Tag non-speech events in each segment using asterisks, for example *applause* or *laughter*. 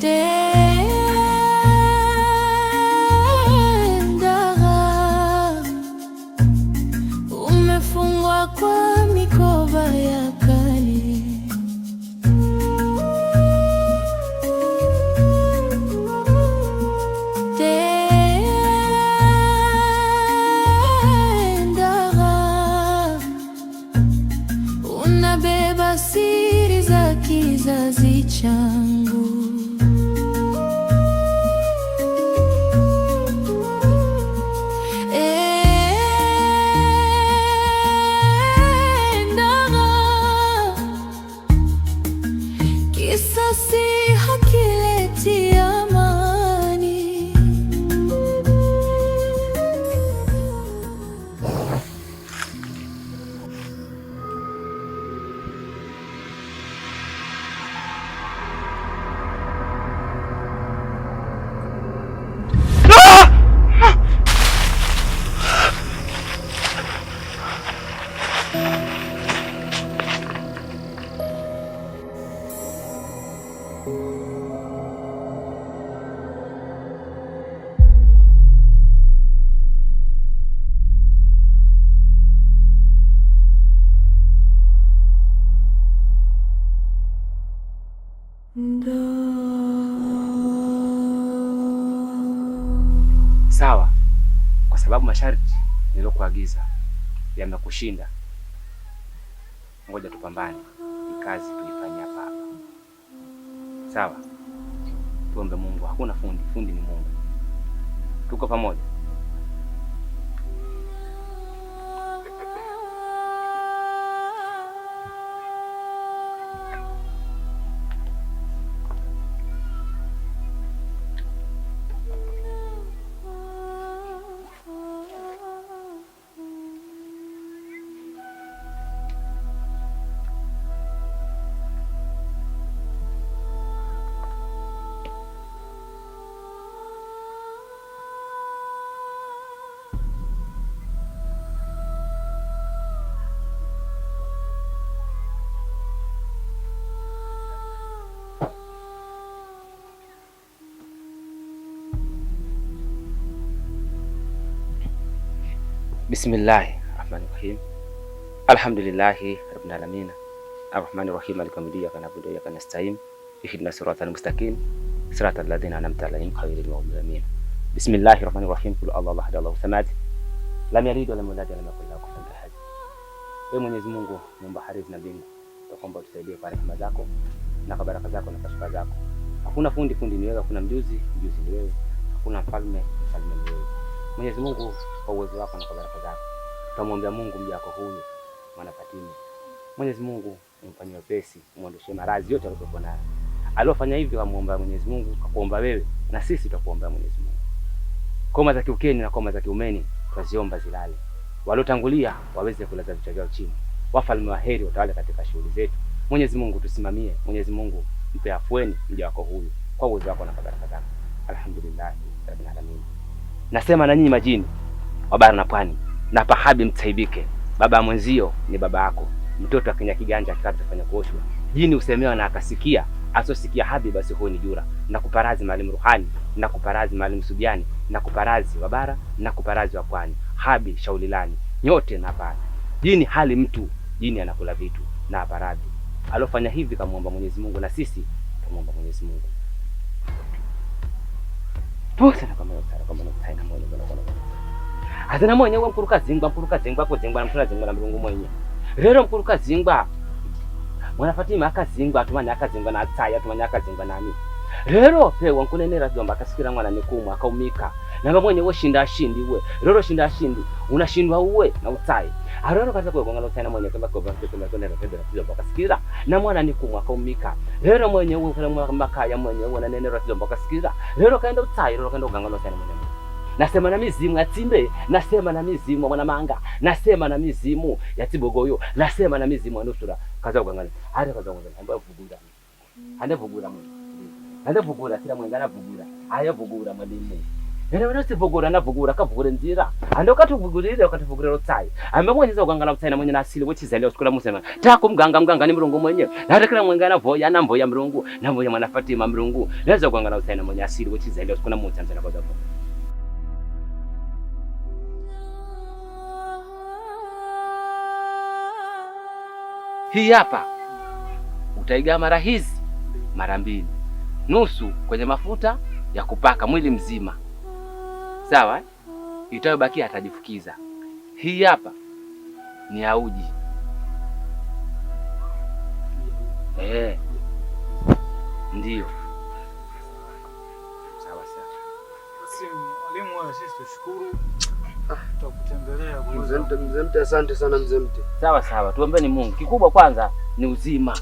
day sababu masharti niliyokuagiza yamekushinda. Ngoja tupambane, ni kazi tuifanye hapa hapa, sawa? Tuombe Mungu, hakuna fundi, fundi ni Mungu. Tuko pamoja. Bismillahi rahmani rahim alhamdulillahi rabbil alamin arrahmani rahim maliki yawmiddin iyyaka na'budu wa iyyaka nasta'in ihdinas siratal mustaqim siratal ladina an'amta alaihim ghayril maghdubi alaihim bismillahir rahmanir rahim qul huwallahu ahad allahu samad lam yalid walam yulad walam yakul lahu kufuwan ahad. Ee Mwenyezi Mungu muumba ardhi na mbingu, tukomba utusaidie kwa rehema zako na kwa baraka zako na kwa shukra zako. Hakuna fundi, fundi ni wewe, hakuna mjuzi, mjuzi ni wewe, hakuna mfalme, mfalme Mwenyezi Mungu kwa uwezo wako na kwa baraka zako tutamwambia Mungu mja wako huyu mwana Fatini, Mwenyezi Mungu umfanyie wepesi, umwondoshe maradhi yote aliyokuwa nayo. Aliofanya hivi amuomba Mwenyezi Mungu, kakuomba wewe na sisi tutakuomba Mwenyezi Mungu. Koma za kiukeni na koma za kiumeni tutaziomba zilale, waliotangulia waweze kulaza vichwa vyao chini, wafalme waheri watawale katika shughuli zetu. Mwenyezi Mungu tusimamie, Mwenyezi Mungu mpe afueni mja wako huyu kwa uwezo wako na baraka zako. Nasema na nyinyi majini wa bara na pwani na pahabi msaibike. Baba mwenzio ni baba yako. Mtoto akinya kiganja kafanya kuoshwa. Jini usemewa na akasikia, asosikia habi basi huyo ni jura. Na kuparazi Maalim Ruhani, na kuparazi Maalim Subiani, na kuparazi wa bara, na kuparazi wa pwani. Habi shaulilani, nyote na bara. Jini hali mtu, jini anakula vitu na aparadhi. Alofanya hivi kamwomba Mwenyezi Mungu na sisi kamwomba Mwenyezi Mungu posana kwamanosana kwamanokutsaina mwenye kunokonokono azina mwenye zingwa mkurukazingwa zingwa kuzingwa zingwa na mrungu mwenye rero mkuruka zingwa mwana fatima akazingwa atumani akazingwa na atsaya atumani akazingwa nani rero pewa nkunenera vyomba akasikira mwana nikumwa akaumika nanga mwenye we shinda ashindi uwe roro shinda ashindi unashindwa uwe na utai aroro kaza kwa kongalo tena mwenye kama kwa kwa kwa kwa kwa kwa sikira na mwana ni kumwa kaumika rero mwenye uwe kana mwa ya mwenye uwe na nene roro kwa sikira rero kaenda utai roro kaenda kongalo tena mwenye nasema na mizimu ya timbe nasema na mizimu mwana manga nasema na mizimu ya tibogoyo nasema na mizimu ya nusura kaza ugangana ari kaza ugangana ambayo vugura ande vugura mwe ande vugura kila mwengana vugura aya vugura Nene wena usivugura na vugura kavugure nzira. Ando katuvugurire ukatuvugurira utsai Ambe kwenyeza ukangala utsayi na mwenye nasili wechizali osikula musema. Tako mganga mganga ni mrungu mwenye. Na kila mwenga na voya na mvoya mrungu na mvoya mwana Fatima mulungu. Neza ukangala utsayi na mwenye asili wechizali musema mutanza kwa kwazavo. Hii hapa utaigaa mara hizi mara mbili nusu kwenye mafuta ya kupaka mwili mzima sawa eh? Itayobakia atajifukiza. Hii hapa ni auji eh, ndio sawa sawa. Mwalimu wewe, sisi ah. Mzemte, asante sana mzemte. Sawa sawa, tuombeni Mungu. Kikubwa kwanza ni uzima,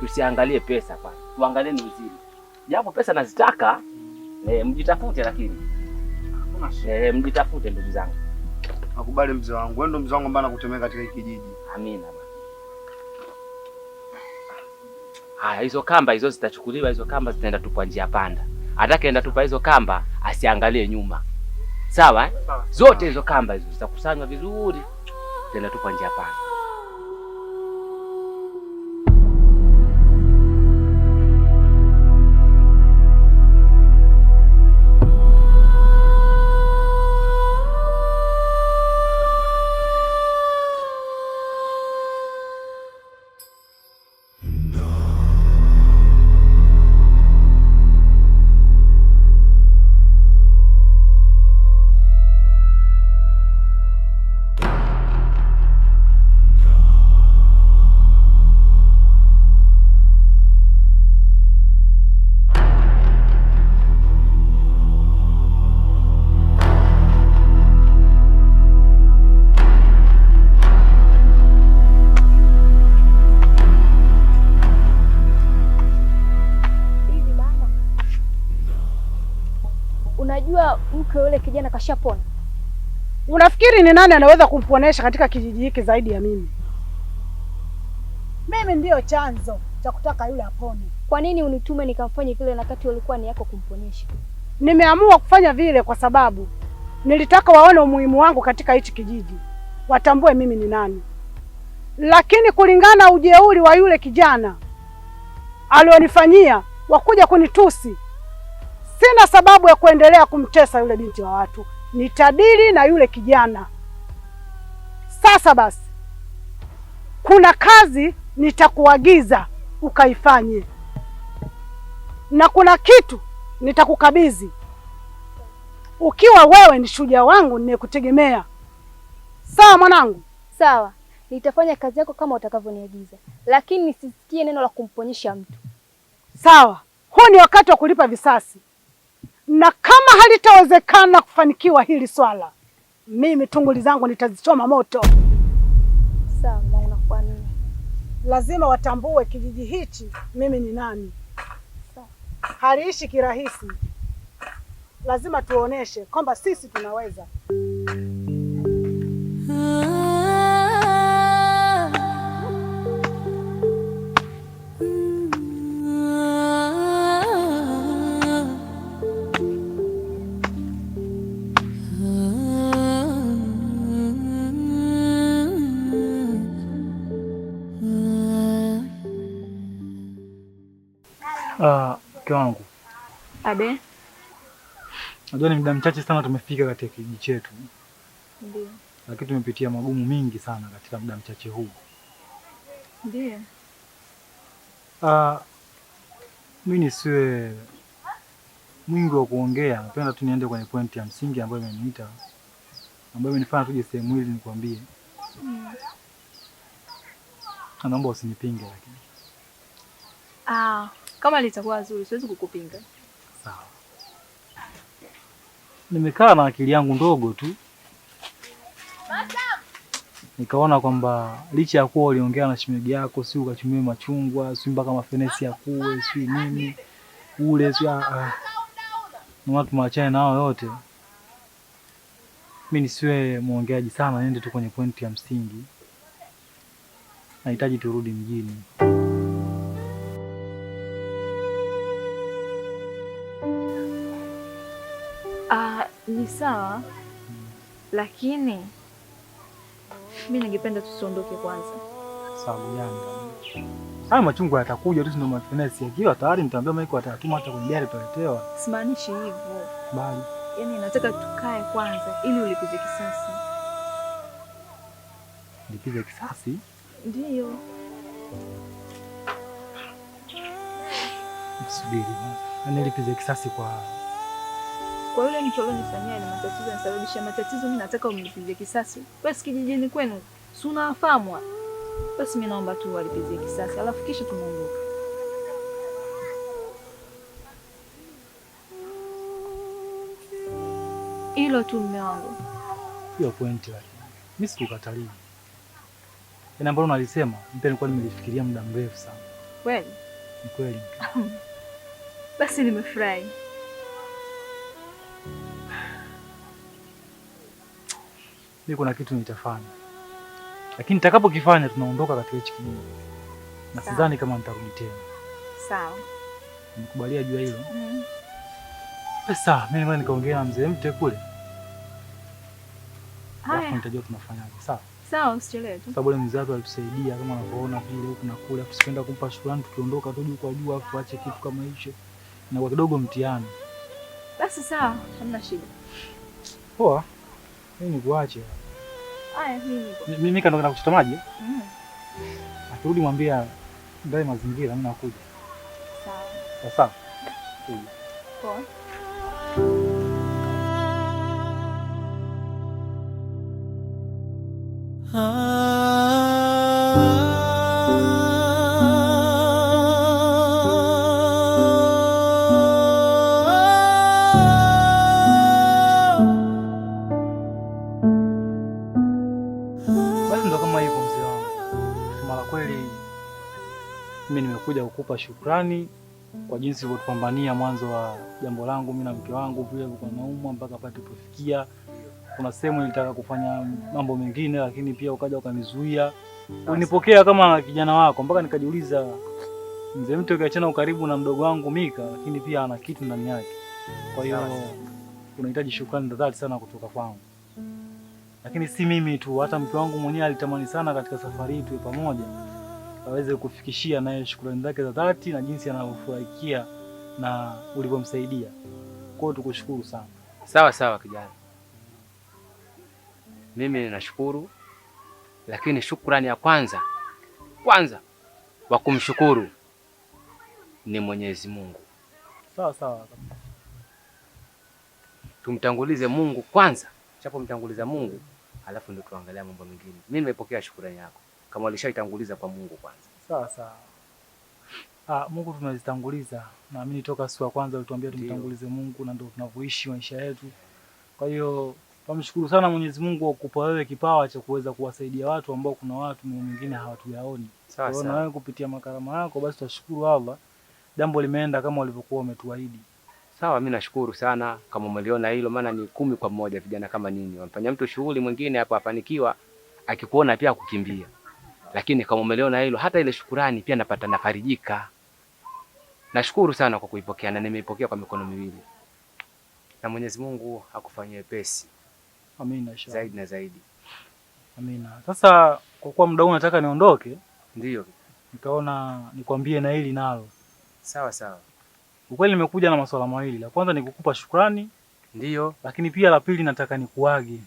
tusiangalie pesa kwanza, tuangalie ni uzima, japo pesa nazitaka, eh, mjitafute lakini mjitafute ndugu zangu. Nakubali mzee wangu, wewe ndo mzee wangu ambaye katika hiki kijiji. Amina. Haya, hizo kamba hizo zitachukuliwa, hizo kamba zitaenda tupwa njia panda. Atakaenda tupa hizo kamba asiangalie nyuma, sawa eh? Zote hizo kamba hizo zitakusanywa vizuri, zitaenda tupwa njia panda. mke yule kijana kashapona. Unafikiri ni nani anaweza kumponesha katika kijiji hiki zaidi ya mimi? Mimi ndiyo chanzo cha kutaka yule apone. Kwa nini unitume nikamfanye vile, na kati ulikuwa ni yako kumponesha? Nimeamua kufanya vile kwa sababu nilitaka waone umuhimu wangu katika hichi kijiji, watambue mimi ni nani. Lakini kulingana ujeuri wa yule kijana alionifanyia, wakuja kunitusi Sina sababu ya kuendelea kumtesa yule binti wa watu, nitadili na yule kijana. Sasa basi, kuna kazi nitakuagiza ukaifanye, na kuna kitu nitakukabidhi, ukiwa wewe ni shujaa wangu ninayekutegemea. Sawa mwanangu? Sawa, nitafanya kazi yako kama utakavyoniagiza, lakini nisisikie neno la kumponyesha mtu. Sawa, huu ni wakati wa kulipa visasi na kama halitawezekana kufanikiwa hili swala, mimi tunguli zangu nitazichoma moto. Sawa, unakuwa nini? Lazima watambue kijiji hichi mimi ni nani. Haliishi kirahisi, lazima tuoneshe kwamba sisi tunaweza. Babe, najua ni muda mchache sana tumefika katika kijiji chetu, ndio, lakini tumepitia magumu mingi sana katika muda mchache huu. Ndio. Uh, ah, mi nisiwe mwingi wa kuongea, napenda tu niende kwenye pointi ya msingi ambayo imeniita, ambayo imenifanya tuje sehemu hili nikwambie. Mm. Ah, naomba usinipinge lakini. Ah, kama litakuwa zuri siwezi kukupinga sawa. Nimekaa na akili yangu ndogo tu nikaona kwamba licha ya kuwa uliongea na shemeji yako, si ukachumia machungwa, si mpaka mafenesi ya kuwe, si nini ule, si ah, ah. noma, tumewachane nao yote. Mi nisiwe mwongeaji sana, niende tu kwenye pointi ya msingi. Nahitaji turudi mjini. ni sawa, lakini mi ningependa tusiondoke kwanza. Sababu yangu haya machungwa yatakuja tu, ndio mafinesi yakiwa tayari, nitaambia Maiko atatuma hata kwenye gari tuletewa. Simaanishi hivyo, bali yani nataka tukae kwanza ili ulipize kisasi. Lipize kisasi? Ndio. Msubiri yaani nilipize kisasi kwa kwa yule mtu alionifanyia ni matatizo yanasababisha matatizo, mimi nataka umlipizie kisasi. Basi kijijini kwenu si unawafahamu? Basi mimi naomba tu walipizie kisasi, alafu kisha tunaondoka. Hilo tu mume wangu. Hiyo pointi yake. Mimi sikukatalia. Ina yaani mbona unalisema? Mimi nilikuwa nimelifikiria muda mrefu sana. Kweli? Ni kweli. *laughs* Basi nimefurahi. mimi kuna kitu nitafanya, lakini nitakapokifanya tunaondoka katika hichi kijiji na sidhani kama nitarudi tena. Sawa, nikubalia jua hilo mm. Mm-hmm. Eh, Sasa mimi nikaongea na mzee mte kule, alafu nitajua tunafanyaje. Sawa sawa, usichelewe tu, sababu mzee wako alitusaidia kama unavyoona vile huku na kule, tusipenda kumpa shukrani tukiondoka tu juu kwa juu, alafu ache kitu kama hicho na kwa kidogo mtihani. Basi sawa, hamna shida. Poa. Mimi nikuache mimi kando na kuchota maji. Mm-hmm. Akirudi mwambie ndai mazingira, mimi nakuja. Sawa sawa. Poa. Ah kukupa shukrani kwa jinsi ulivyopambania mwanzo wa jambo langu mimi na mke wangu, vile kwa naumwa mpaka pale kufikia. Kuna sehemu nilitaka kufanya mambo mengine, lakini pia ukaja ukanizuia. Unipokea kama kijana wako, mpaka nikajiuliza, mzee mtu ukiachana ukaribu na mdogo wangu Mika, lakini pia ana kitu ndani yake. Kwa hiyo unahitaji shukrani za dhati sana kutoka kwangu, lakini si mimi tu, hata mke wangu mwenyewe alitamani sana katika safari hii tuwe pamoja aweze kufikishia naye shukrani zake za dhati na jinsi anavyofurahikia na ulivyomsaidia. Kwa hiyo tukushukuru sana. Sawa sawa kijana, mimi nashukuru, lakini shukrani ya kwanza kwanza wa kumshukuru ni Mwenyezi Mungu. Sawa sawa, tumtangulize Mungu kwanza, chapo mtanguliza Mungu alafu ndio tuangalia mambo mengine. Mimi nimepokea shukrani yako kama ulishaitanguliza kwa Mungu kwanza. Sawa sawa. Ah, Mungu tunazitanguliza. Naamini toka siku ya kwanza ulituambia tumtangulize Mungu na ndio tunavyoishi maisha yetu. Kwa hiyo tunamshukuru sana Mwenyezi Mungu kwa kukupa wewe kipawa cha kuweza kuwasaidia watu ambao kuna watu wengine hawatuyaoni. Sawa. hiyo na wewe kupitia makarama yako basi tutashukuru Allah. Jambo limeenda kama walivyokuwa umetuahidi. Sawa, mimi nashukuru sana kama umeliona hilo, maana ni kumi kwa mmoja. Vijana kama ninyi wamfanya mtu shughuli mwingine hapo afanikiwa, akikuona pia kukimbia lakini kama umeliona hilo, hata ile shukurani pia napata, nafarijika. Nashukuru sana kwa kuipokea na nimeipokea kwa mikono miwili, na Mwenyezi Mungu akufanyie pesi. Amina, zaidi na zaidi. Amina. Sasa kwa kuwa muda huu nataka niondoke, ndio nikaona nikwambie na hili nalo. Sawa sawa. Ukweli nimekuja na masuala mawili, la kwanza nikukupa shukrani, ndio, lakini pia la pili nataka nikuage.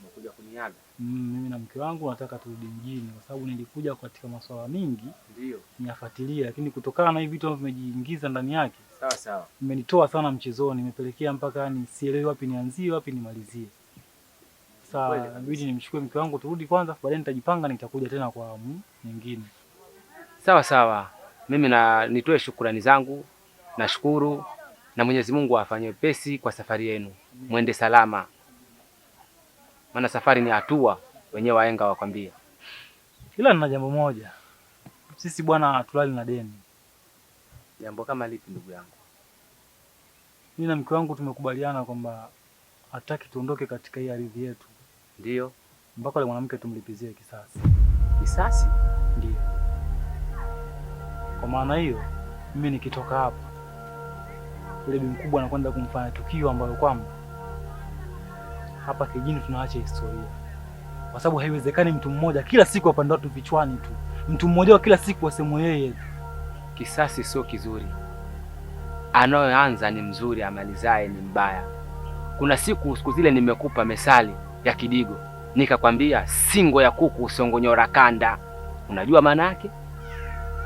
Umekuja kuniaga? Mm, mimi na mke wangu nataka turudi mjini, kwa sababu nilikuja katika masuala mingi ndio niyafuatilia, lakini kutokana na hivi vitu vimejiingiza ndani yake sawa sawa, imenitoa sana mchezoni, imepelekea mpaka ni sielewi wapi nianzie wapi nimalizie. Sasa inabidi nimchukue mke wangu turudi kwanza, baadaye nitajipanga, nitakuja tena kwa awamu nyingine. Sawa sawa, mimi na nitoe shukurani zangu, nashukuru na Mwenyezi Mungu afanye pesi kwa safari yenu, mwende salama maana safari ni hatua, wenyewe waenga wakwambia. Ila nina jambo moja, sisi bwana tulali na deni. Jambo kama lipi ndugu yangu? Mimi na mke wangu tumekubaliana kwamba hataki tuondoke katika hii ardhi yetu, ndio mpaka le mwanamke tumlipizie kisasi. Kisasi? Ndio. Kwa maana hiyo, mimi nikitoka hapa, yule mkubwa anakwenda kumfanya tukio ambalo kwamba hapa kijini tunaacha historia, kwa sababu haiwezekani mtu mmoja kila siku apande tu vichwani tu, mtu mmoja wa kila siku asemwe yeye. Kisasi sio kizuri, anayoanza ni mzuri, amalizaye ni mbaya. Kuna siku siku zile nimekupa mesali ya Kidigo nikakwambia singo ya kuku usongonyora kanda. Unajua maana yake?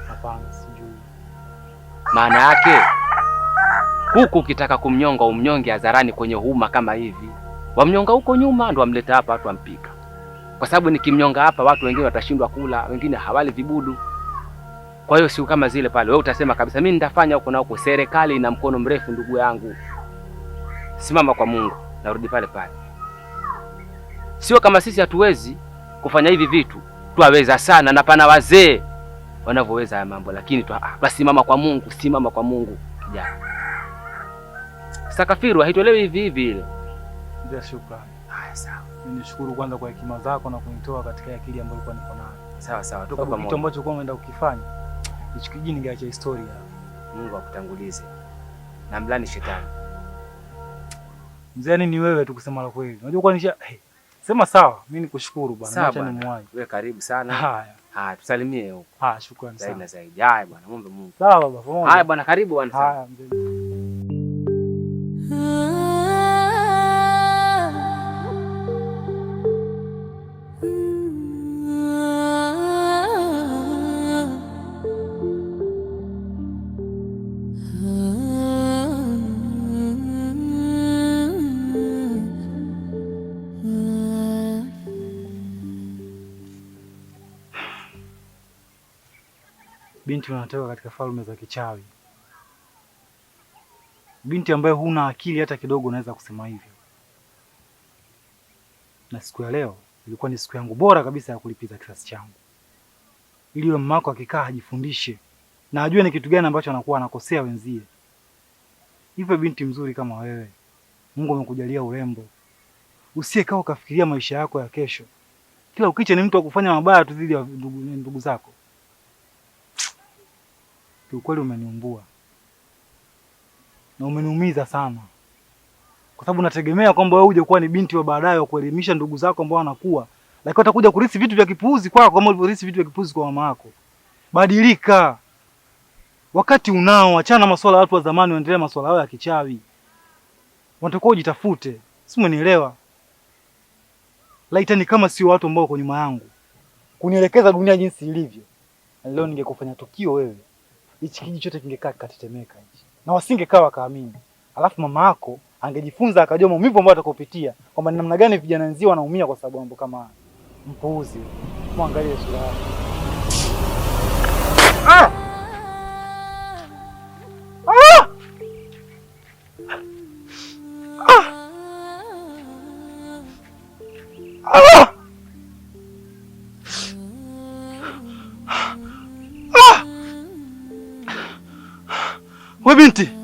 Hapana, sijui maana yake. Kuku ukitaka kumnyonga umnyonge hadharani kwenye huma kama hivi wamnyonga huko nyuma, ndo wamleta hapa, watu wampika, kwa sababu nikimnyonga hapa watu wengine watashindwa kula, wengine hawali vibudu. Kwa hiyo siku kama zile pale, wewe utasema kabisa mimi nitafanya huko na huko. Serikali ina mkono mrefu, ndugu yangu, simama kwa Mungu. Narudi pale pale, sio kama sisi hatuwezi kufanya hivi vitu, twaweza sana, na pana wazee wanavyoweza haya mambo, lakini twasimama ah, kwa Mungu. Simama kwa Mungu kijana, Sakafiru haitolewi hivi hivi ile bila shukrani. Haya, sawa. Nishukuru kwanza kwa hekima zako na kunitoa katika akili ambayo nilikuwa niko nayo. Sawa sawa, tuko pamoja. Kitu ambacho kwa unaenda kukifanya hicho kijiji ningeacha historia. Mungu akutangulize. Na mlani shetani. Mzee ni wewe tu kusema la kweli. Unajua kwa nisha hey, sema sawa, mimi nikushukuru bwana. Acha nimwahi. Wewe karibu sana. Haya. Haya, tusalimie huko. Ah, shukrani sana. Zaidi na zaidi. Haya bwana, muombe Mungu. Sawa baba, pamoja. Haya bwana, karibu bwana. Haya mzee. binti wanatoka katika falme za kichawi, binti ambaye huna akili hata kidogo, unaweza kusema hivyo. Na siku ya leo ilikuwa ni siku yangu bora kabisa ya kulipiza kisasi changu, ili we mmako akikaa ajifundishe na ajue ni kitu gani ambacho anakuwa anakosea wenzie. Hivyo binti mzuri kama wewe, Mungu amekujalia urembo, usiekaa ukafikiria maisha yako ya kesho, kila ukicha ni mtu wa kufanya mabaya tu dhidi ya ndugu zako kiukweli umeniumbua na umeniumiza sana, kwa sababu nategemea kwamba wewe uje kuwa ni binti wa baadaye wa kuelimisha ndugu zako ambao wanakuwa, lakini utakuja kurithi vitu vya kipuuzi kwako kama ulivyorithi vitu vya kipuuzi kwa mama yako. Badilika, wakati unao, achana masuala ya watu wa zamani, waendelee masuala yao ya kichawi. Unatakiwa ujitafute, si umenielewa? Laitani kama sio watu ambao wako nyuma yangu kunielekeza dunia jinsi ilivyo, leo ningekufanya tukio wewe hichi kijiji chote kingekaa kikatetemeka hichi, na wasingekaa wakaamini. Alafu mama yako angejifunza akajua maumivu ambayo atakopitia, kwamba ni namna gani vijana wenzio wanaumia kwa sababu mambo kama Mpuuzi, mwangalie sura yake. Ah! We binti